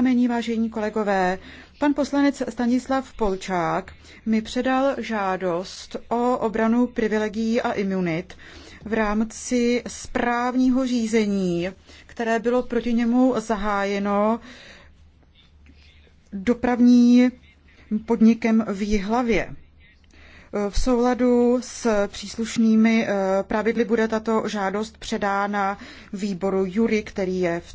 oznámení, vážení kolegové. Pan poslanec Stanislav Polčák mi předal žádost o obranu privilegií a imunit v rámci správního řízení, které bylo proti němu zahájeno dopravní podnikem v Jihlavě. V souladu s příslušnými eh, pravidly bude tato žádost předána výboru Jury, který je v